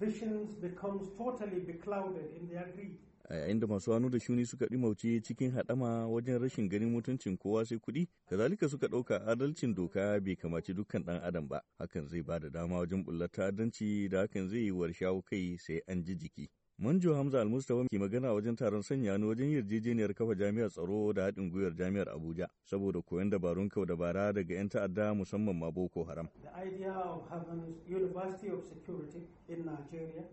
visions becomes totally beclouded in a yayin da masu hannu da shuni suka ɗimauce cikin haɗama wajen rashin ganin mutuncin kowa sai kuɗi kazalika suka ɗauka adalcin doka bai kamaci dukkan ɗan adam ba hakan zai ba da dama wajen bulla ta'addanci da hakan zai yi war kai sai an ji jiki Manjo Hamza Almustawa ke magana wajen taron sanya ni wajen yarjejeniyar kafa jami'ar tsaro da haɗin gwiwar jami'ar Abuja saboda koyon dabarun kau da bara daga 'yan ta'adda musamman ma Boko Haram. The idea of having University of Security in Nigeria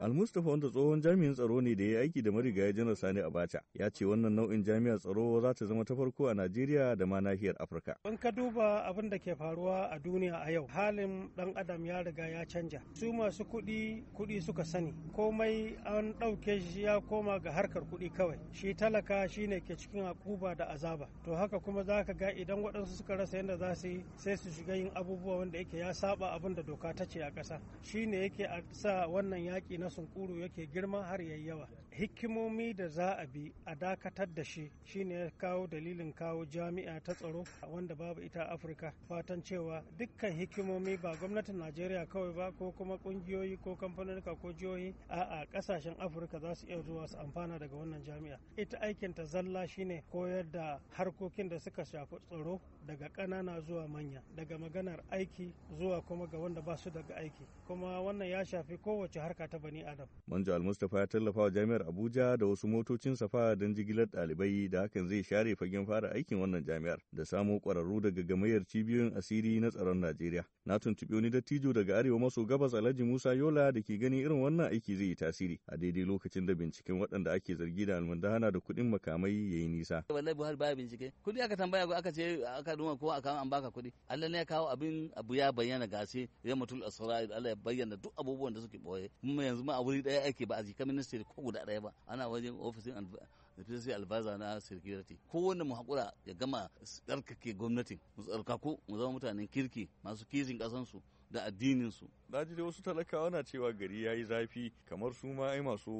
Al-Mustapha wanda tsohon jami'in tsaro ne da ya aiki da marigaya janar Sani Abacha ya ce wannan nau'in jami'ar tsaro za ta zama ta farko a Najeriya da ma nahiyar Afirka. In ka duba abin da ke faruwa a duniya a yau halin dan adam ya riga ya canja. Su masu kuɗi kuɗi suka sani komai an ɗauke shi ya koma ga harkar kuɗi kawai. Shi talaka shi ne ke cikin akuba da azaba. To haka kuma za ka ga idan waɗansu suka rasa yadda za su yi sai su shiga yin abubuwa wanda yake ya saba abin da doka ta ce a ƙasa. Shi ne yake a sa wannan yaƙi na sunkuru yake girma har yayi yawa hikimomi da za a bi a dakatar da shi shine ya kawo dalilin kawo jami'a ta tsaro a wanda babu ita a afirka fatan cewa dukkan hikimomi ba gwamnatin najeriya kawai ba ko kuma kungiyoyi ko kamfanonika ko jihohi a'a kasashen afirka za su iya zuwa su amfana daga wannan jami'a ita aikin ta zalla shine koyar da harkokin da suka shafi tsaro daga ƙanana zuwa manya daga maganar aiki zuwa kuma ga wanda ba su daga aiki kuma wannan ya sha. shafi kowace harka ta bani adam. Manja Almustapha ya tallafa wa jami'ar Abuja da wasu motocin safa don jigilar dalibai da hakan zai share fagen fara aikin wannan jami'ar da samo kwararru daga gamayyar cibiyoyin asiri na tsaron Najeriya. Na tuntuɓi wani dattijo daga arewa maso gabas Alhaji Musa Yola da ke gani irin wannan aiki zai yi tasiri a daidai lokacin da binciken waɗanda ake zargi da almundahana da kuɗin makamai ya yi nisa. Wallahi Buhari baya bincike. Kuɗi aka tambaya ko aka ce aka duma ko aka an baka kuɗi. Allah ne ya kawo abin abu ya bayyana gashi ya mutul asra'il Allah ya bayyana duk abubuwan wanda suke boye kuma yanzu ma a wuri daya ake ba a jikin ministry ko guda daya ba ana wajen ofisin ministry albaza na security kowanne mu hakura ya gama tsarkake gwamnatin mu tsarkaku mu zama mutanen kirki masu kishin kasansu da addininsu. Na ji dai wasu talakawa na cewa gari ya yi zafi kamar su ma ai masu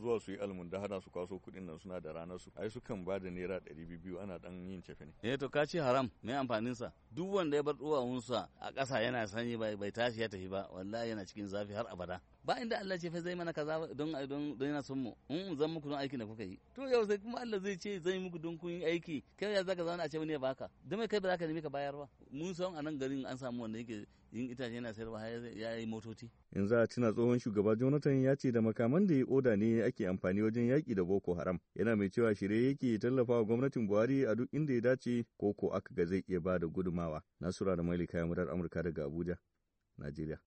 zuwa su yi da hana su kwaso kuɗin nan suna da ranar su ai sukan ba da naira ɗari biyu ana dan yin cefe ne. Eh to ka ce haram me amfanin sa duk wanda ya bar duwawunsa a ƙasa yana sanyi bai tashi ya tafi ba wallahi yana cikin zafi har abada ba inda Allah ce fa zai mana kaza don don don yana son mu in zan muku don aikin da kuka yi to yau sai kuma Allah zai ce zai muku don kun aiki kai ya zaka zauna a ce wani ya baka don mai kai ba zaka nemi ka bayar ba mun san a nan garin an samu wanda yake yin itace yana sayarwa ya yi motoci in za a tuna tsohon shugaba Jonathan ya ce da makaman da ya oda ne ake amfani wajen yaki da Boko Haram yana mai cewa shirye yake tallafa wa gwamnatin Buhari a duk inda ya dace ko ko aka ga zai iya ba da guduma tattaunawa. Nasura da Mailika ya murar Amurka daga Abuja, Najeriya.